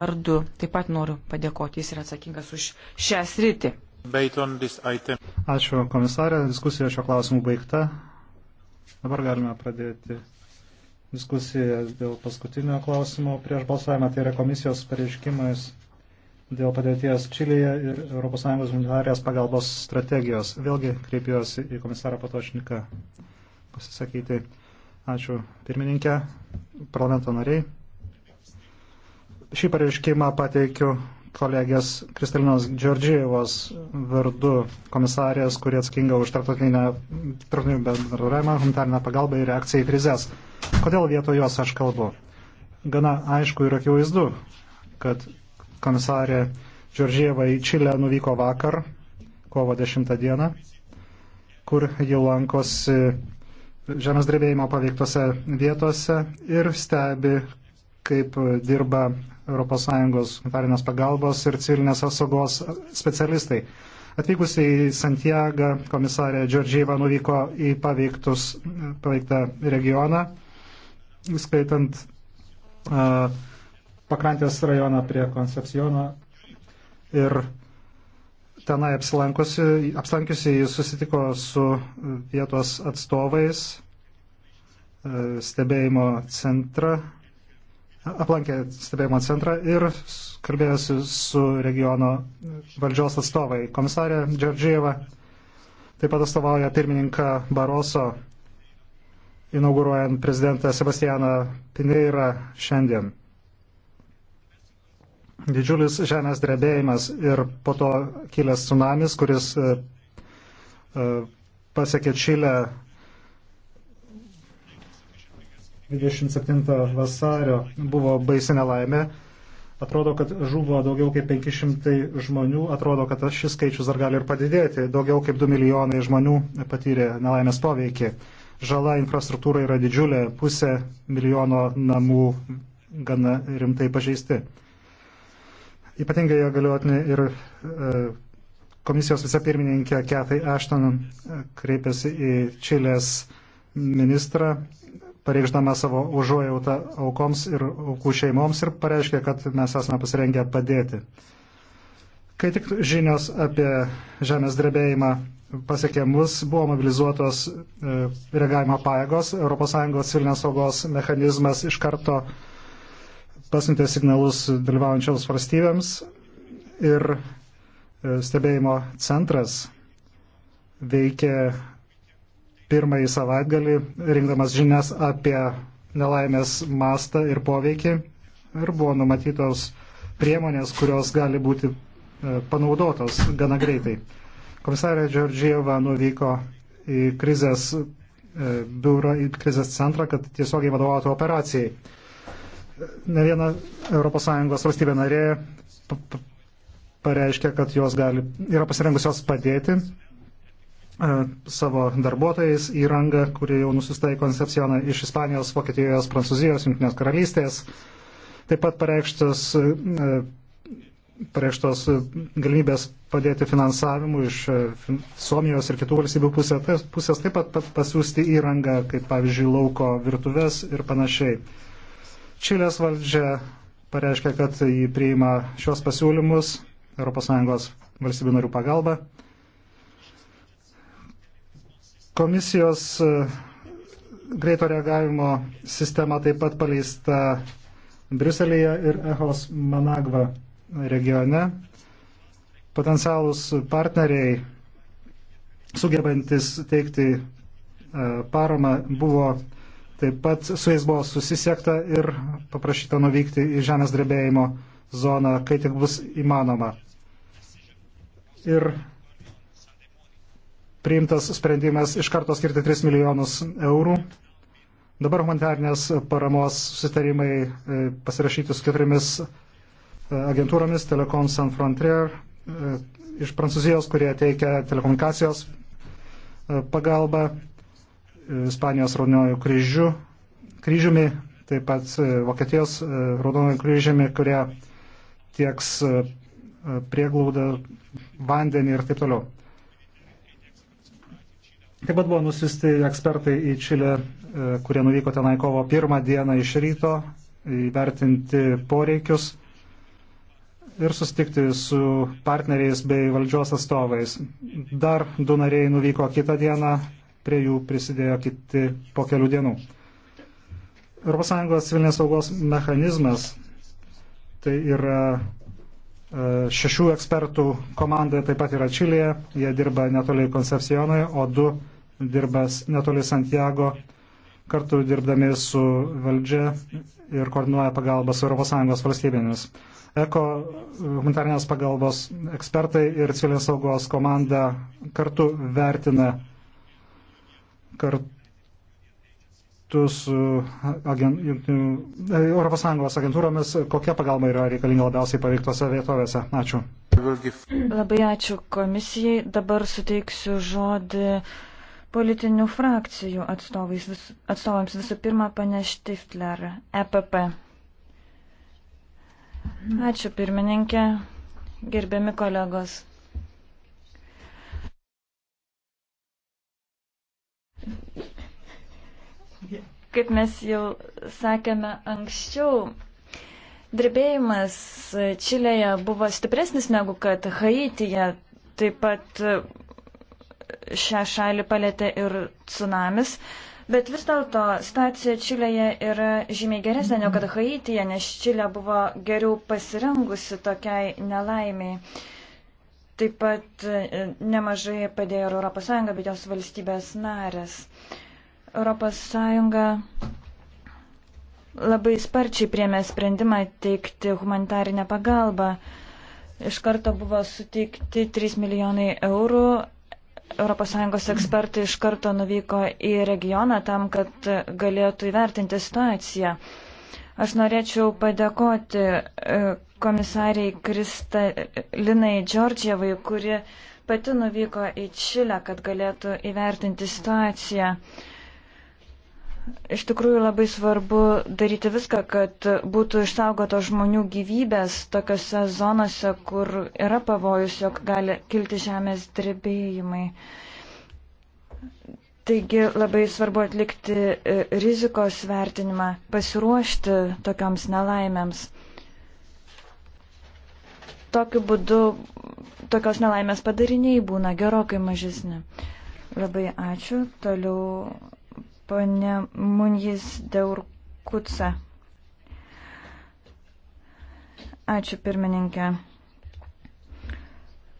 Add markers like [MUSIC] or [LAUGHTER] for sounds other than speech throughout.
vardu. Taip pat noriu padėkoti, jis yra atsakingas už šią sritį. Ačiū komisarė, diskusija šio klausimu baigta. Dabar galime pradėti diskusiją dėl paskutinio klausimo prieš balsavimą, tai yra komisijos pareiškimais dėl padėties Čilėje ir ES humanitarės pagalbos strategijos. Vėlgi kreipiuosi į komisarą Patošniką pasisakyti. Ačiū pirmininkė, parlamento nariai. Šį pareiškimą pateikiu kolegės Kristalinos Džordžijevos vardu komisarės, kurie atsakinga už tarptautinį bendradarbiavimą, humanitarinę pagalbą ir reakciją į krizės. Kodėl vietoj jos aš kalbu? Gana aišku ir akivaizdu, kad komisarė Džordžieva į Čilę nuvyko vakar, kovo 10 dieną, kur ji lankosi žemės drebėjimo paveiktose vietose ir stebi, kaip dirba ES humanitarinės pagalbos ir civilinės apsaugos specialistai. Atvykusi į Santiagą, komisarė Džordžieva nuvyko į paveiktus, paveiktą regioną, skaitant uh, pakrantės rajoną prie Koncepciono ir tenai apsilankiusi, apsilankiusi jis susitiko su vietos atstovais stebėjimo centrą aplankė stebėjimo centrą ir kalbėjosi su regiono valdžios atstovai. Komisarė Džordžieva taip pat atstovauja pirmininką Baroso, inauguruojant prezidentą Sebastianą Pineirą šiandien. Didžiulis žemės drebėjimas ir po to kilęs tsunamis, kuris e, e, pasiekė Čilę 27 vasario buvo baisi nelaimė. Atrodo, kad žuvo daugiau kaip 500 žmonių, atrodo, kad šis skaičius dar gali ir padidėti. Daugiau kaip 2 milijonai žmonių patyrė nelaimės poveikį. Žala infrastruktūra yra didžiulė, pusė milijono namų gana rimtai pažeisti. Ypatingai jo galiotinė ir e, komisijos vicepirmininkė Ketai Ashton kreipėsi į Čilės ministrą pareikšdama savo užuojautą aukoms ir aukų šeimoms ir pareiškė, kad mes esame pasirengę padėti. Kai tik žinios apie žemės drebėjimą pasiekė mus, buvo mobilizuotos e, reagavimo pajėgos, ES civilinės saugos mechanizmas iš karto pasiuntė signalus dalyvaujančioms valstybėms ir e, stebėjimo centras veikė pirmąjį savaitgalį, rinkdamas žinias apie nelaimės mastą ir poveikį. Ir buvo numatytos priemonės, kurios gali būti e, panaudotos gana greitai. Komisarė Džordžieva nuvyko į krizės e, biurą, į krizės centrą, kad tiesiogiai vadovautų operacijai. Ne viena ES valstybė narė pareiškia, kad jos gali, yra pasirengusios padėti E, savo darbuotojais įrangą, kuri jau nusista į koncepcioną iš Ispanijos, Vokietijos, Prancūzijos, Junktinės karalystės. Taip pat pareikštas, e, pareikštos galimybės padėti finansavimu iš e, Suomijos ir kitų valstybių pusės, pusės taip pat pasiūsti įrangą, kaip pavyzdžiui, lauko virtuves ir panašiai. Čilės valdžia pareiškia, kad jį priima šios pasiūlymus ES valstybių narių pagalba. Komisijos e, greito reagavimo sistema taip pat paleista Briuselėje ir Echos Managva regione. Potencialūs partneriai sugebantis teikti e, paramą buvo taip pat su jais buvo susisiekta ir paprašyta nuvykti į žemės drebėjimo zoną, kai tik bus įmanoma. Ir priimtas sprendimas iš karto skirti 3 milijonus eurų. Dabar humanitarnės paramos susitarimai e, pasirašyti su keturiomis e, agentūromis Telekom San Frontier e, iš Prancūzijos, kurie teikia telekomunikacijos pagalbą, Ispanijos raudonojų kryžių, kryžiumi, taip pat Vokietijos raudonojų kryžiumi, kurie tieks prieglaudą, vandenį ir taip toliau. Taip pat buvo nusisti ekspertai į Čilę, e, kurie nuvyko tenai kovo pirmą dieną iš ryto įvertinti poreikius ir susitikti su partneriais bei valdžios atstovais. Dar du nariai nuvyko kitą dieną, prie jų prisidėjo kiti po kelių dienų. ES civilinės saugos mechanizmas tai yra E, šešių ekspertų komanda taip pat yra Čilėje, jie dirba netoli Koncepcionoje, o du dirba netoli Santiago, kartu dirbdami su valdžia ir koordinuoja pagalbą su ES valstybėmis. Eko humanitarnės pagalbos ekspertai ir civilinės saugos komanda kartu vertina kartu kartu su agent, ES agentūromis, kokia pagalba yra reikalinga labiausiai paveiktose vietovėse. Ačiū. Labai ačiū komisijai. Dabar suteiksiu žodį politinių frakcijų atstovais, vis, atstovams. Visų pirma, pane Štifler, EPP. Ačiū pirmininkė, gerbiami kolegos. Kaip mes jau sakėme anksčiau, drebėjimas Čilėje buvo stipresnis negu kad Haityje. Taip pat šią šalį palėtė ir tsunamis. Bet vis dėlto situacija Čilėje yra žymiai geresnė negu kad Haityje, nes Čilė buvo geriau pasirengusi tokiai nelaimiai. Taip pat nemažai padėjo ir ES, bet jos valstybės narės. Uh, ES labai sparčiai priemė sprendimą teikti humanitarinę pagalbą. Iš karto buvo suteikti 3 milijonai eurų. ES ekspertai iš karto nuvyko į regioną tam, kad galėtų įvertinti situaciją. Aš norėčiau padėkoti e, komisariai Kristalinai Džordžievai, kuri pati nuvyko į Čilę, kad galėtų įvertinti situaciją. Uh, Iš tikrųjų labai svarbu daryti viską, kad būtų išsaugotos žmonių gyvybės tokiose zonose, kur yra pavojus, jog gali kilti žemės drebėjimai. Taigi labai svarbu atlikti e, rizikos vertinimą, pasiruošti tokioms nelaimėms. Tokiu būdu tokios nelaimės padariniai būna gerokai mažesni. Labai ačiū. Toliau Pane Munjis Deurkuca. Ačiū pirmininkė.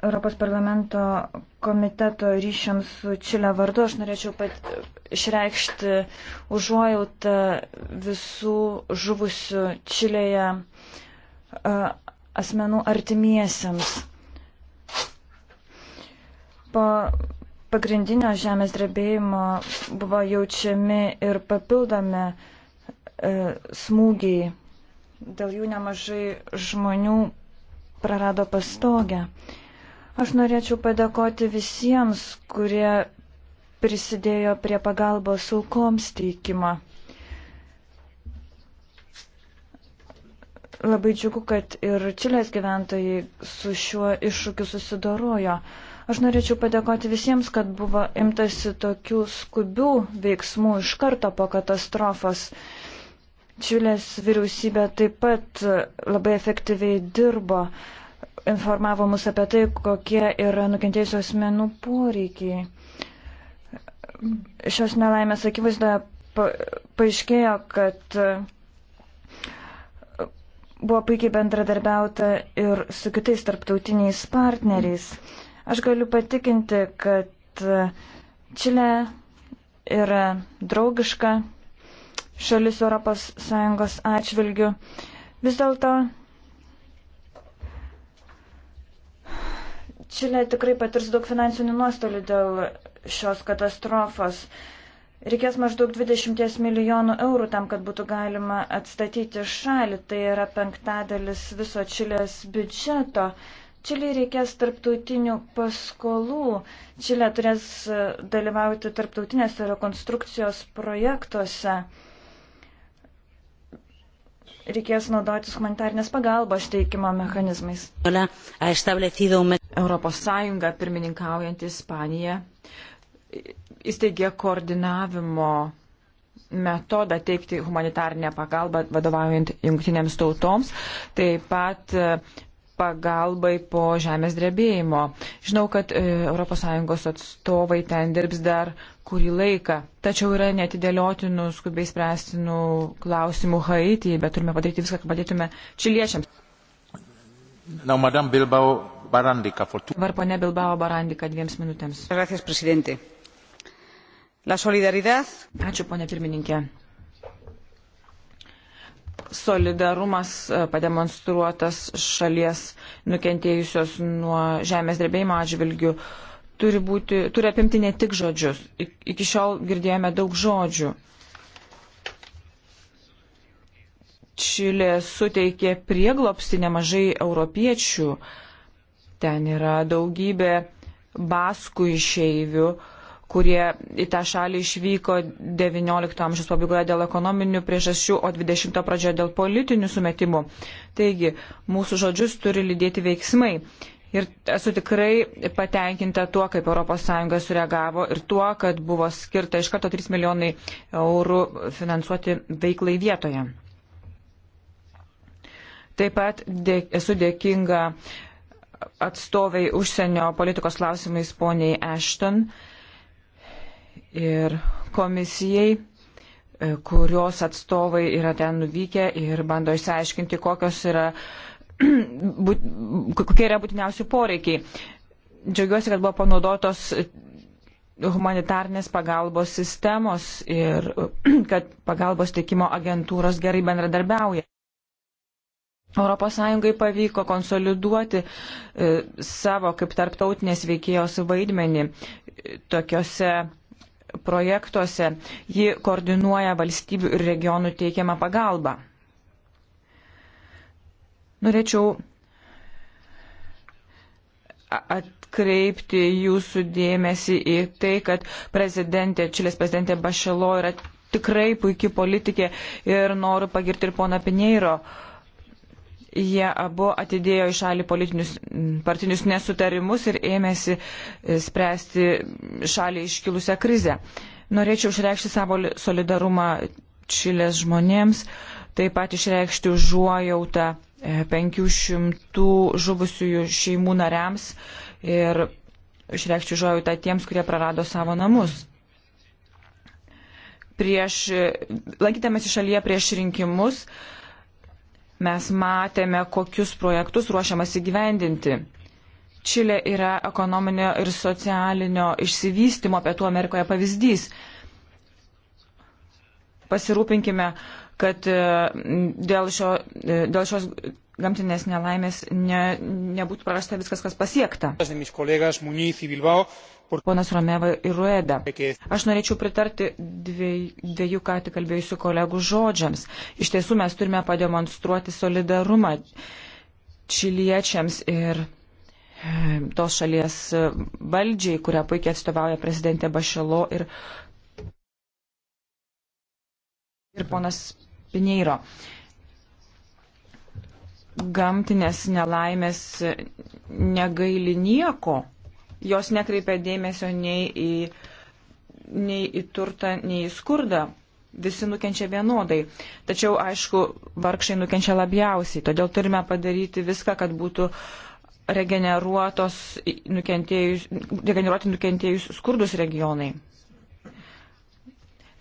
Europos parlamento komiteto ryšiams su Čilė vardu aš norėčiau pat išreikšti užuojautą visų žuvusių Čilėje asmenų artimiesiems. Po pagrindinio žemės drebėjimo buvo jaučiami ir papildomi e, smūgiai. Dėl jų nemažai žmonių prarado pastogę. Aš norėčiau padėkoti visiems, kurie prisidėjo prie pagalbos aukoms teikimo. Labai džiugu, kad ir Čilės gyventojai su šiuo iššūkiu susidorojo. Aš norėčiau padėkoti visiems, kad buvo imtasi tokių skubių veiksmų iš karto po katastrofos. Čilės vyriausybė taip pat labai efektyviai dirbo, informavo mus apie tai, kokie yra nukentėjusių asmenų poreikiai. Šios nelaimės akivaizdoje paaiškėjo, kad buvo puikiai bendradarbiauta ir su kitais tarptautiniais partneriais. Mm. Aš galiu patikinti, kad Čilė yra draugiška šalis ES atžvilgių. Vis dėlto Čilė tikrai patirs daug finansinių nuostolių dėl šios katastrofos. Reikės maždaug 20 milijonų eurų tam, kad būtų galima atstatyti šalį. Tai yra penktadalis viso Čilės biudžeto. Uh, Čiliai reikės tarptautinių paskolų. Čilė turės e, dalyvauti tarptautinėse rekonstrukcijos projektuose. Reikės naudotis humanitarnės pagalbos teikimo mechanizmais. Europos Sąjunga, pirmininkaujant Ispaniją, įsteigė koordinavimo metodą teikti humanitarnę pagalbą vadovaujant jungtinėms tautoms. Taip pat e, pagalbai po žemės drebėjimo. Žinau, kad ES atstovai ten dirbs dar kurį laiką, tačiau yra netidėliotinų, skubiai spręstinų klausimų Haitijai, bet turime padaryti viską, kad padėtume čiliečiams. Now, Madame Bilbao Barandika, for two... Var ponė Bilbao Barandika dviems minutėms. Gracias, presidente. La solidaridad. Ačiū, ponė pirmininkė solidarumas e, pademonstruotas šalies nukentėjusios nuo žemės drebėjimo atžvilgių turi, būti, turi apimti ne tik žodžius. Iki šiol girdėjome daug žodžių. Čilė suteikė prieglopsti nemažai europiečių. Ten yra daugybė baskų išeivių, kurie į tą šalį išvyko XIX amžiaus pabaigoje dėl ekonominių priežasčių, o XX pradžioje dėl politinių sumetimų. Taigi, mūsų žodžius turi lydėti veiksmai. Ir esu tikrai patenkinta tuo, kaip ES sureagavo ir tuo, kad buvo skirta iš karto 3 milijonai eurų finansuoti veiklai vietoje. Taip pat dė, esu dėkinga atstoviai užsienio politikos klausimais poniai Ashton. Uh, ir komisijai, e, kurios atstovai yra ten nuvykę ir bando išsiaiškinti, kokios yra, [CLEARS THROAT] kokie yra būtiniausi poreikiai. Džiaugiuosi, kad buvo panaudotos humanitarnės pagalbos sistemos ir [CLEARS THROAT] kad pagalbos teikimo agentūros gerai bendradarbiauja. ES pavyko konsoliduoti e, savo kaip tarptautinės veikėjos vaidmenį tokiuose projektuose, ji koordinuoja valstybių ir regionų teikiamą pagalbą. Norėčiau atkreipti jūsų dėmesį į tai, kad prezidentė, Čilės prezidentė Bašelo yra tikrai puikia politikė ir noriu pagirti ir pona Pinėro uh, Jie abu atidėjo į šalį politinius partinius nesutarimus ir ėmėsi e, spręsti šalį iškilusią krizę. Norėčiau išreikšti savo solidarumą Čilės žmonėms, taip pat išreikšti užuojautą 500 e, žuvusiųjų šeimų nariams ir išreikšti užuojautą tiems, kurie prarado savo namus. Prieš, e, lankytėmės į šalyje prieš rinkimus, uh, Mes matėme, kokius projektus ruošiamas įgyvendinti. Čilė yra ekonominio ir socialinio išsivystimo Pietų Amerikoje pavyzdys. Pasirūpinkime, kad e, dėl, šio, e, dėl šios gamtinės nelaimės ne, nebūtų prarasta viskas, kas pasiekta ponas Romeva ir Rueda. Aš norėčiau pritarti dviejų ką tik kalbėjusių kolegų žodžiams. Iš tiesų mes turime pademonstruoti solidarumą čiliečiams ir e, tos šalies e, valdžiai, kurią puikiai atstovauja prezidentė Bašilo ir, ir ponas Pineiro. Gamtinės nelaimės negaili nieko Jos nekreipia dėmesio nei į, nei į turtą, nei į skurdą. Visi nukenčia vienodai. Tačiau, aišku, vargšai nukenčia labiausiai. Todėl turime padaryti viską, kad būtų regeneruotos nukentėjus, regeneruoti nukentėjus skurdus regionai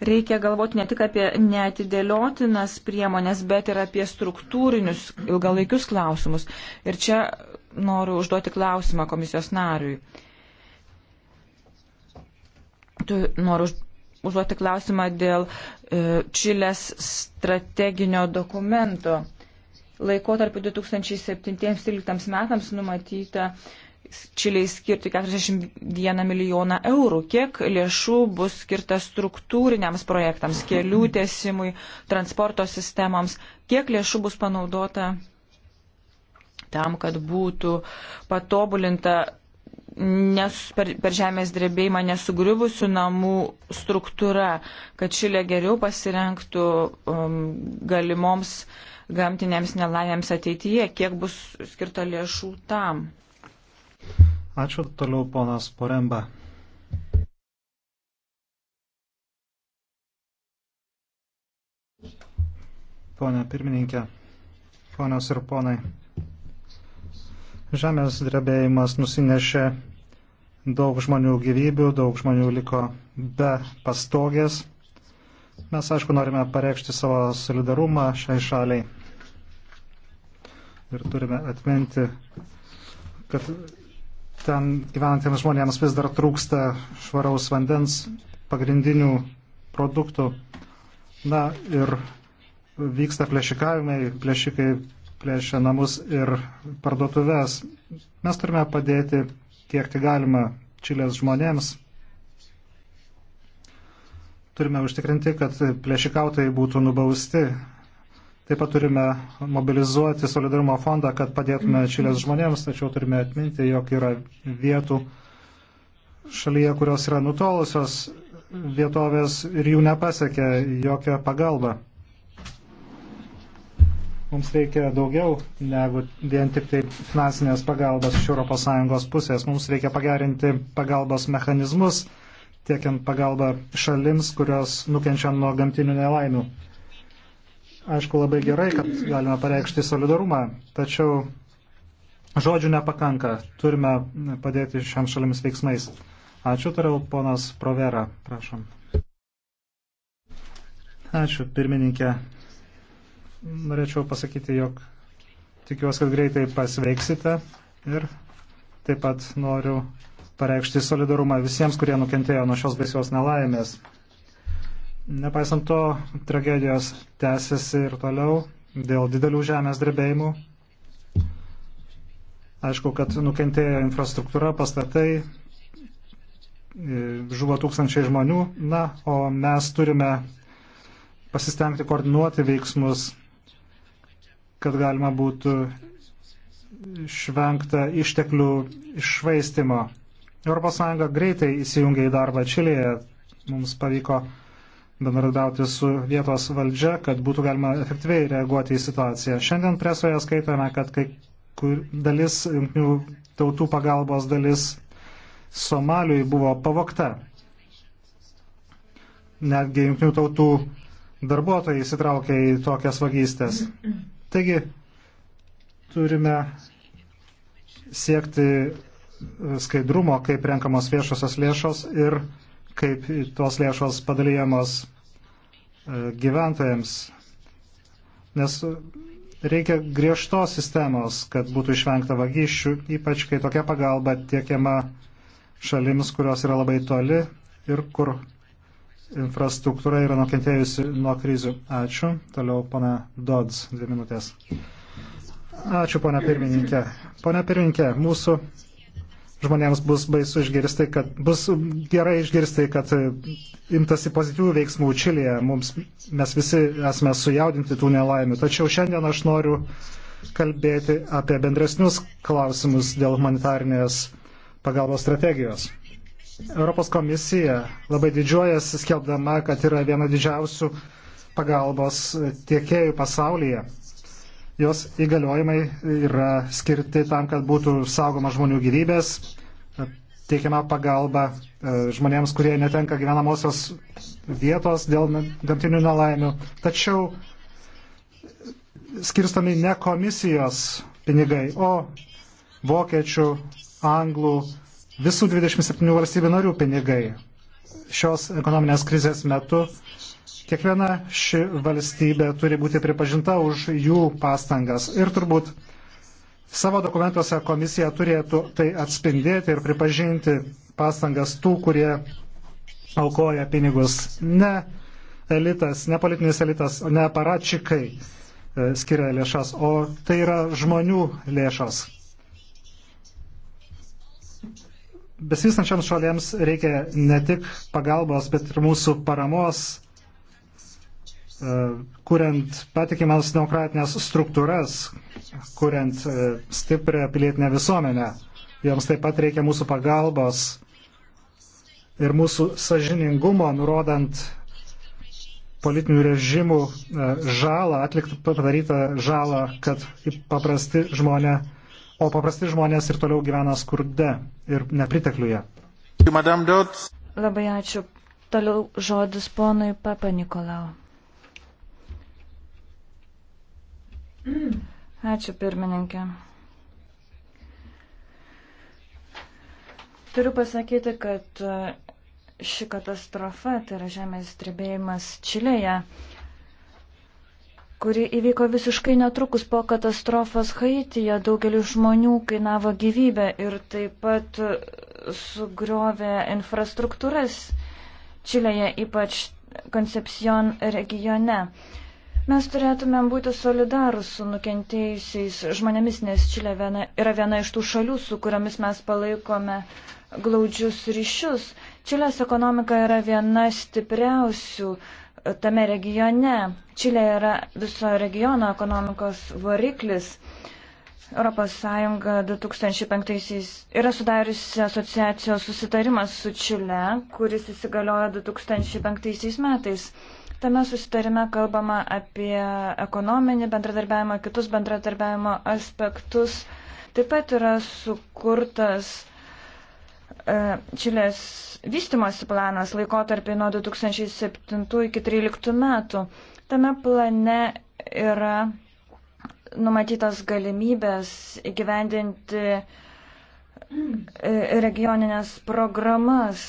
reikia galvoti ne tik apie neatidėliotinas priemonės, bet ir apie struktūrinius ilgalaikius klausimus. Ir čia noriu užduoti klausimą komisijos nariui. Tu noriu užduoti klausimą dėl e, Čilės strateginio dokumento. Laikotarpiu 2007-2013 metams numatyta Čiliai skirti 41 milijoną eurų. Kiek lėšų bus skirta struktūriniams projektams, kelių tiesimui, transporto sistemoms? Kiek lėšų bus panaudota tam, kad būtų patobulinta nes, per, per žemės drebėjimą nesugriuvusių namų struktūra, kad Čilė geriau pasirenktų um, galimoms gamtinėms nelaimėms ateityje, kiek bus skirta lėšų tam. Ačiū toliau ponas Poremba. Pone pirmininkė, ponios ir ponai. Žemės drebėjimas nusinešė daug žmonių gyvybių, daug žmonių liko be pastogės. Mes, aišku, norime pareikšti savo solidarumą šiai šaliai. Ir turime atminti, kad ten gyventiems žmonėms vis dar trūksta švaraus vandens pagrindinių produktų. Na ir vyksta plėšikavimai, plėšikai plėšia namus ir parduotuvės. Mes turime padėti kiek tai galima Čilės žmonėms. Turime užtikrinti, kad plėšikautai būtų nubausti. Taip pat turime mobilizuoti solidarumo fondą, kad padėtume Čilės žmonėms, tačiau turime atminti, jog yra vietų šalyje, kurios yra nutolusios vietovės ir jų nepasiekia jokia pagalba. Mums reikia daugiau negu vien tik tai finansinės pagalbos iš ES pusės. Mums reikia pagerinti pagalbos mechanizmus, tiekiant pagalbą šalims, kurios nukenčia nuo gamtinių nelaimių. Aišku, labai gerai, kad galime pareikšti solidarumą, tačiau žodžių nepakanka. Turime padėti šiam šalims veiksmais. Ačiū, tariau, ponas Provera, prašom. Ačiū, pirmininkė norėčiau pasakyti, jog tikiuosi, kad greitai pasveiksite ir taip pat noriu pareikšti solidarumą visiems, kurie nukentėjo nuo šios baisios nelaimės. Nepaisant to, tragedijos tęsiasi ir toliau dėl didelių žemės drebėjimų. Aišku, kad nukentėjo infrastruktūra, pastatai, e, žuvo tūkstančiai žmonių, na, o mes turime pasistengti koordinuoti veiksmus kad galima būtų išvengta išteklių išvaistimo. ES greitai įsijungė į darbą Čilėje. Mums pavyko bendradauti su vietos valdžia, kad būtų galima efektyviai reaguoti į situaciją. Šiandien presoje skaitome, kad kai kur dalis jungtinių tautų pagalbos dalis Somaliui buvo pavokta. Netgi jungtinių tautų darbuotojai įsitraukė į tokias vagystės. Taigi, turime siekti e, skaidrumo, kaip renkamos viešosios lėšos ir kaip tos lėšos padalyjamos e, gyventojams. Nes reikia griežtos sistemos, kad būtų išvengta vagysčių, ypač kai tokia pagalba tiekiama šalims, kurios yra labai toli ir kur infrastruktūra yra nukentėjusi nuo krizių. Ačiū. Toliau pana Dodds, dvi minutės. Ačiū, pana pirmininkė. Pana pirmininkė, mūsų žmonėms bus baisu išgirsti, kad bus gerai išgirsti, kad imtasi pozityvių veiksmų Čilėje. Mums, mes visi esame sujaudinti tų nelaimių. Tačiau šiandien aš noriu kalbėti apie bendresnius klausimus dėl humanitarnės pagalbos strategijos. Europos komisija labai didžiuojasi skelbdama, kad yra viena didžiausių pagalbos tiekėjų pasaulyje. Jos įgaliojimai yra skirti tam, kad būtų saugoma žmonių gyvybės, teikiama pagalba e, žmonėms, kurie netenka gyvenamosios vietos dėl gamtinių nelaimių. Tačiau skirstami ne komisijos pinigai, o vokiečių, anglų, visų 27 valstybių narių pinigai. Šios ekonominės krizės metu kiekviena ši valstybė turi būti pripažinta už jų pastangas. Ir turbūt savo dokumentuose komisija turėtų tai atspindėti ir pripažinti pastangas tų, kurie aukoja pinigus. Ne elitas, ne politinis elitas, ne aparačikai e, skiria lėšas, o tai yra žmonių lėšas. Besivystančiams šalėms reikia ne tik pagalbos, bet ir mūsų paramos, e, kuriant patikimas demokratinės struktūras, kuriant e, stiprią pilietinę visuomenę. Joms taip pat reikia mūsų pagalbos ir mūsų sažiningumo, nurodant politinių režimų e, žalą, atliktą padarytą žalą, kad paprasti žmonė, o paprasti žmonės ir toliau gyvena skurde ir nepritekliuje. Labai ačiū. Toliau žodis ponui Papa Nikolau. Ačiū pirmininkė. Turiu pasakyti, kad e, ši katastrofa, tai yra žemės drebėjimas Čilėje, kuri įvyko visiškai netrukus po katastrofos Haityje, daugelį žmonių kainavo gyvybę ir taip pat sugriovė infrastruktūras Čilėje, ypač Koncepcion regione. Mes turėtumėm būti solidarus su nukentėjusiais žmonėmis, nes Čilė viena, yra viena iš tų šalių, su kuriomis mes palaikome glaudžius ryšius. Čilės ekonomika yra viena stipriausių uh, tame regione. Čilė yra viso regiono ekonomikos variklis. ES 2005 yra sudariusi asociacijos susitarimas su Čile, kuris įsigaliojo 2005 metais. Tame susitarime kalbama apie ekonominį bendradarbiavimą, kitus bendradarbiavimo aspektus. Taip pat yra sukurtas E, Čilės vystimosi planas laikotarpį nuo 2007 iki 2013 metų. Tame plane yra numatytos galimybės įgyvendinti e, regioninės programas,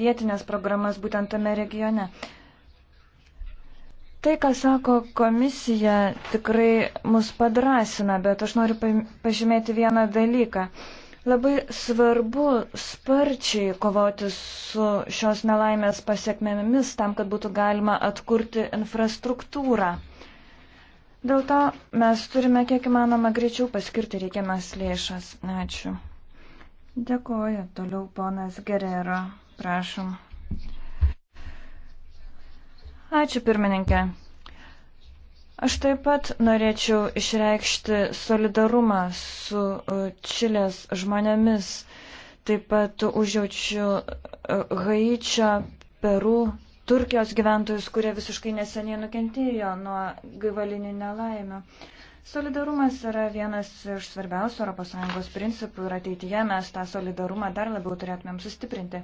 vietinės programas būtent tame regione. Tai, ką sako komisija, tikrai mus padrasina, bet aš noriu pažymėti vieną dalyką. Labai svarbu sparčiai kovoti su šios nelaimės pasiekmėmis tam, kad būtų galima atkurti infrastruktūrą. Dėl to mes turime kiek įmanoma greičiau paskirti reikiamas lėšas. Ačiū. Dėkoju. Toliau ponas Gerero. Prašom. Ačiū pirmininkė. Aš taip pat norėčiau išreikšti solidarumą su e, Čilės žmonėmis. Taip pat užjaučiu e, Haičio, Peru, Turkijos gyventojus, kurie visiškai neseniai nukentėjo nuo gaivalinių nelaimių. Solidarumas yra vienas iš svarbiausių ES principų ir ateityje mes tą solidarumą dar labiau turėtumėm sustiprinti.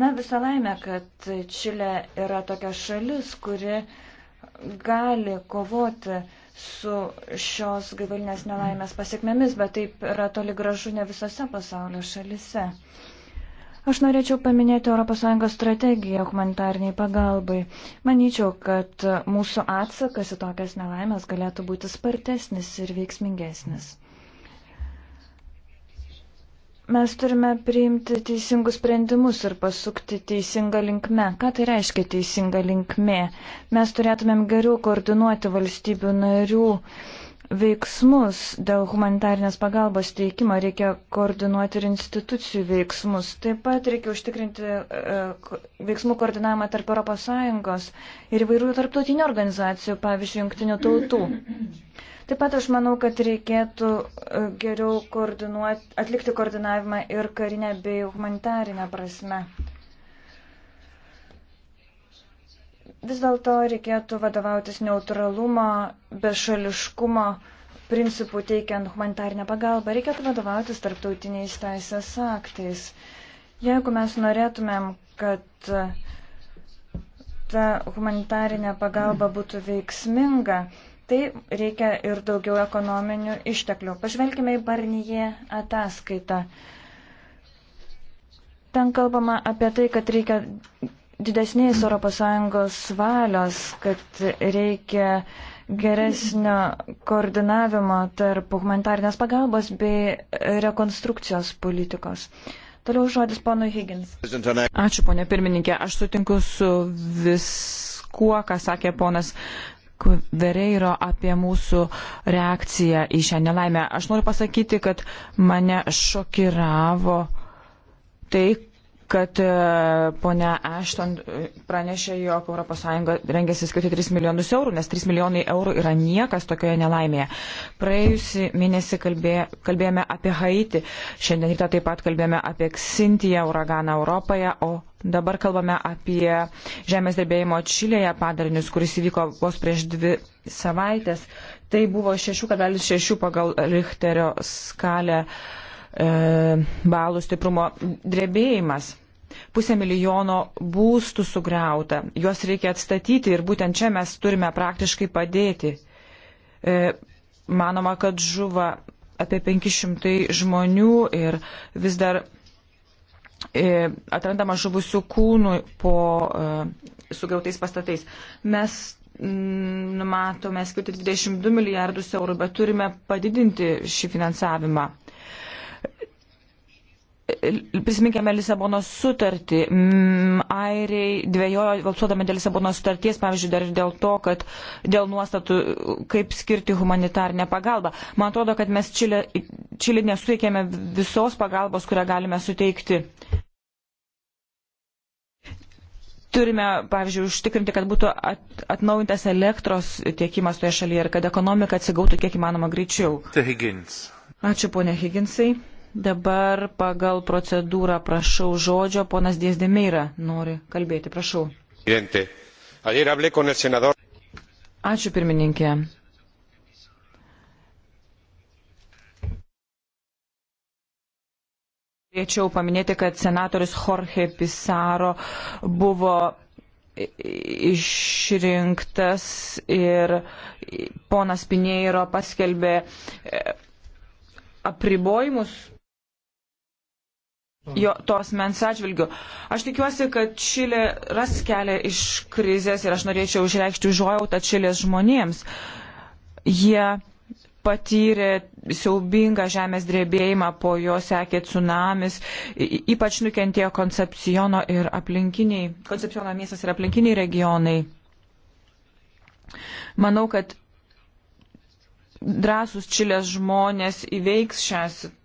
Na, visą laimę, kad Čilė yra tokia šalis, kuri uh, gali kovoti su šios gaivalinės nelaimės pasiekmėmis, bet taip yra toli gražu ne visose pasaulio šalise. Aš norėčiau paminėti ES strategiją humanitarniai pagalbai. Manyčiau, kad mūsų atsakas į tokias nelaimės galėtų būti spartesnis ir veiksmingesnis. Mes turime priimti teisingus sprendimus ir pasukti teisingą linkmę. Ką tai reiškia teisinga linkmė? Mes turėtumėm geriau koordinuoti valstybių narių veiksmus dėl humanitarnės pagalbos teikimo, reikia koordinuoti ir institucijų veiksmus. Taip pat reikia užtikrinti e, veiksmų koordinavimą tarp ES ir įvairių tarptautinių organizacijų, pavyzdžiui, jungtinių tautų. Taip pat aš manau, kad reikėtų e, geriau atlikti koordinavimą ir karinę bei humanitarinę prasme. Vis dėlto reikėtų vadovautis neutralumo, bešališkumo principų teikiant humanitarinę pagalbą. Reikėtų vadovautis tarptautiniais teisės aktais. Jeigu mes norėtumėm, kad e, ta humanitarinė pagalba būtų veiksminga, mm tai reikia ir daugiau ekonominių išteklių. Pažvelkime į Barnyje ataskaitą. Ten kalbama apie tai, kad reikia didesnės ES valios, kad reikia geresnio koordinavimo tarp humanitarnės pagalbos bei rekonstrukcijos politikos. Toliau žodis ponui Higgins. Ačiū, ponė pirmininkė. Aš sutinku su viskuo, ką sakė ponas Vereiro apie mūsų reakciją į šią nelaimę. Aš noriu pasakyti, kad mane šokiravo tai, kad e, ponia Ashton pranešė, jog ES rengėsi skirti 3 milijonus eurų, nes 3 milijonai eurų yra niekas tokioje nelaimėje. Praėjusį mėnesį kalbė, kalbėjome apie Haiti, šiandien ryte taip pat kalbėjome apie Ksintiją, uraganą Europoje, o Dabar kalbame apie žemės drebėjimo Čilėje padarinius, kuris įvyko vos prieš dvi savaitės. Tai buvo 6,6 pagal Richterio skalę e, balų stiprumo drebėjimas. Pusė milijono būstų sugriauta, juos reikia atstatyti ir būtent čia mes turime praktiškai padėti. E, manoma, kad žuva apie 500 žmonių ir vis dar E, atrandama žuvusių kūnų po e, sugriautais pastatais. Mes mm, numatome skirti 22 milijardus eurų, bet turime padidinti šį finansavimą. Prisiminkime Lisabonos sutartį. Mm, airiai dvėjojo valsuodami dėl Lisabonos sutarties, pavyzdžiui, dar ir dėl to, kad dėl nuostatų, kaip skirti humanitarnę pagalbą. Man atrodo, kad mes Čilė, Čilė nesuteikėme visos pagalbos, kurią galime suteikti. Turime, pavyzdžiui, užtikrinti, kad būtų at, atnaujintas elektros tiekimas toje šalyje ir kad ekonomika atsigautų kiek įmanoma greičiau. Ačiū, ponia Higginsai. Dabar pagal procedūrą prašau žodžio, ponas Dėsdemeira nori kalbėti, prašau. Ačiū pirmininkė. Norėčiau paminėti, kad senatorius Jorge Pisaro buvo išrinktas ir ponas Pinėjo paskelbė e, apribojimus Mm. jo, tos mens atžvilgiu. Aš tikiuosi, kad Čilė ras kelią iš krizės ir aš norėčiau išreikšti užuojautą Čilės žmonėms. Jie patyrė siaubingą žemės drebėjimą, po jo sekė tsunamis, ypač nukentėjo Koncepciono ir aplinkiniai, Koncepciono miestas ir aplinkiniai regionai. Manau, kad drąsus Čilės žmonės įveiks šią situaciją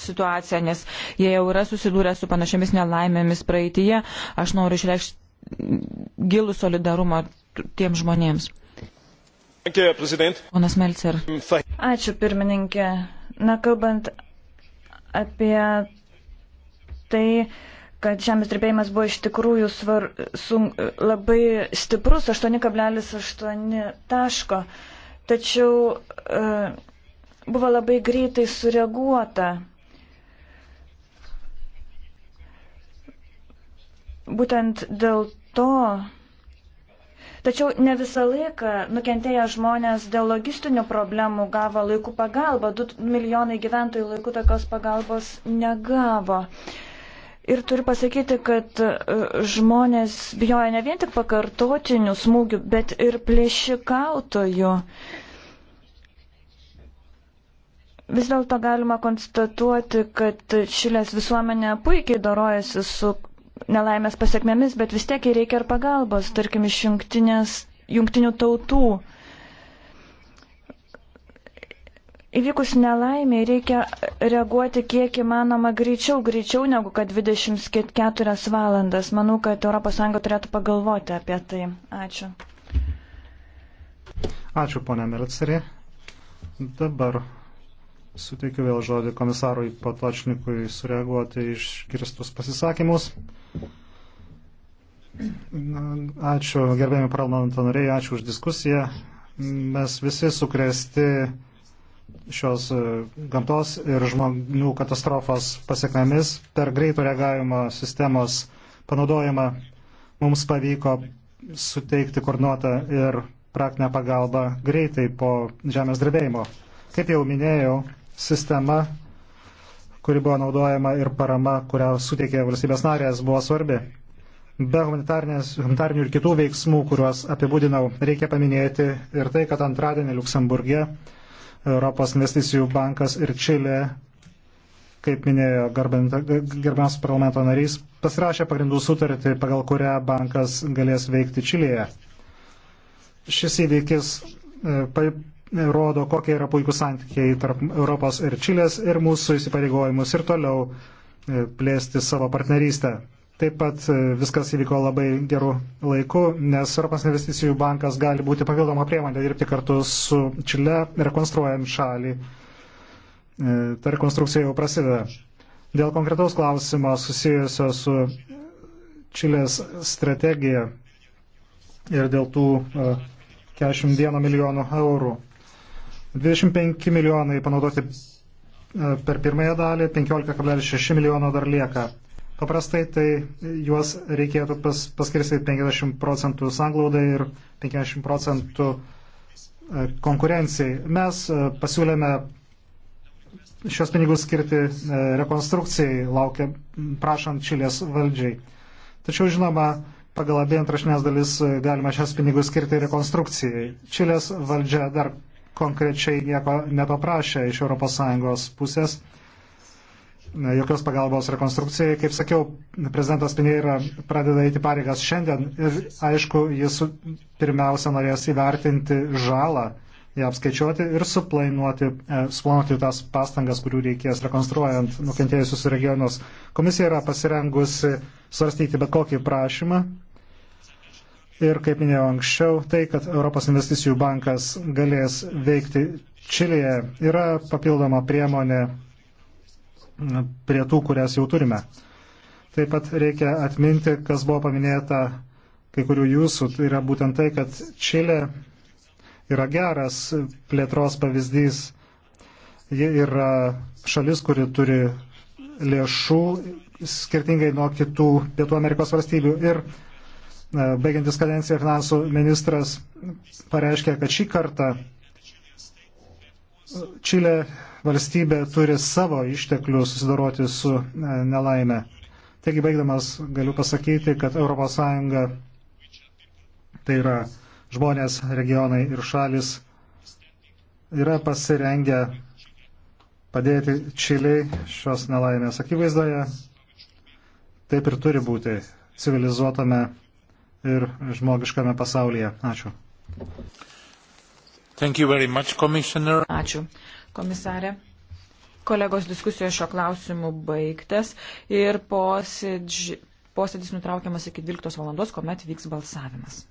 situaciją, nes jie jau yra susidūrę su panašiamis nelaimėmis praeitįje. Aš noriu išreikšti gilų solidarumą tiems žmonėms. Ponas Melcer. Ačiū, pirmininkė. Na, kalbant apie tai, kad žemės drebėjimas buvo iš tikrųjų svar, sun, labai stiprus, 8,8 taško, tačiau e, buvo labai greitai sureaguota. Būtent dėl to. Tačiau ne visą laiką nukentėję žmonės dėl logistinių problemų gavo laiku pagalbą. 2 milijonai gyventojų laiku tokios pagalbos negavo. Ir turiu pasakyti, kad e, žmonės bijoja ne vien tik pakartotinių smūgių, bet ir plėšikautojų. Vis dėlto galima konstatuoti, kad Šilės visuomenė puikiai dorojasi su nelaimės pasiekmėmis, bet vis tiek reikia ir pagalbos, tarkim, iš jungtinių tautų. Įvykus nelaimė reikia reaguoti kiek įmanoma greičiau, greičiau negu kad 24 valandas. Manau, kad ES turėtų pagalvoti apie tai. Ačiū. Ačiū, ponia Melcerė. Dabar Suteikiu vėl žodį komisarui Patočnikui sureaguoti iškirstus pasisakymus. Ačiū, gerbėjami parlamento nariai, ačiū už diskusiją. Mes visi sukrėsti šios e, gamtos ir žmonių katastrofos pasiekmėmis per greito reagavimo sistemos panaudojimą mums pavyko suteikti koordinuotą ir praktinę pagalbą greitai po žemės drebėjimo. Kaip jau minėjau, sistema, kuri buvo naudojama ir parama, kurią suteikė valstybės narės, buvo svarbi. Be humanitarnių ir kitų veiksmų, kuriuos apibūdinau, reikia paminėti ir tai, kad antradienį Luksemburgė Europos investicijų bankas ir Čilė, kaip minėjo gerbiamas parlamento narys, pasirašė pagrindų sutartį, pagal kurią bankas galės veikti Čilėje. Šis įvykis e, rodo, kokie yra puikūs santykiai tarp Europos ir Čilės ir mūsų įsipareigojimus ir toliau e, plėsti savo partnerystę. Taip pat e, viskas įvyko labai gerų laikų, nes Europos investicijų bankas gali būti papildoma priemonė dirbti kartu su Čile, rekonstruojant šalį. E, ta rekonstrukcija jau prasideda. Dėl konkretaus klausimo susijusio su Čilės strategija ir dėl tų 41 milijonų eurų 25 milijonai panaudoti e, per pirmąją dalį, 15,6 milijono dar lieka. Paprastai tai juos reikėtų pas, paskirstyti 50 procentų sanglaudai ir 50 procentų e, konkurencijai. Mes e, pasiūlėme šios pinigus skirti rekonstrukcijai, laukia, prašant Čilės valdžiai. Tačiau, žinoma, pagal abi antrašinės dalis galima šios pinigus skirti rekonstrukcijai. Čilės valdžia dar konkrečiai nieko nepaprašė iš ES pusės, jokios pagalbos rekonstrukcijai. Kaip sakiau, prezidentas Pinėra pradeda įti pareigas šiandien ir aišku, jis pirmiausia norės įvertinti žalą, ją apskaičiuoti ir suplanuoti, e, suplanuoti tas pastangas, kurių reikės rekonstruojant nukentėjusius regionus. Komisija yra pasirengusi svarstyti bet kokį prašymą Ir kaip minėjau anksčiau, tai, kad Europos investicijų bankas galės veikti Čilėje, yra papildoma priemonė prie tų, kurias jau turime. Taip pat reikia atminti, kas buvo paminėta kai kurių jūsų, tai yra būtent tai, kad Čilė yra geras plėtros pavyzdys. Ji yra šalis, kuri turi lėšų skirtingai nuo kitų Pietų Amerikos valstybių. Ir baigiantis kadenciją finansų ministras pareiškė, kad šį kartą Čilė valstybė turi savo išteklių susidoroti su nelaime. Taigi baigdamas galiu pasakyti, kad ES tai yra žmonės, regionai ir šalis yra pasirengę padėti Čiliai šios nelaimės akivaizdoje. Taip ir turi būti civilizuotame ir žmogiškame pasaulyje. Ačiū. Much, Ačiū, komisarė. Kolegos diskusijos šio klausimu baigtas ir posėdž... posėdis nutraukiamas iki 12 valandos, kuomet vyks balsavimas.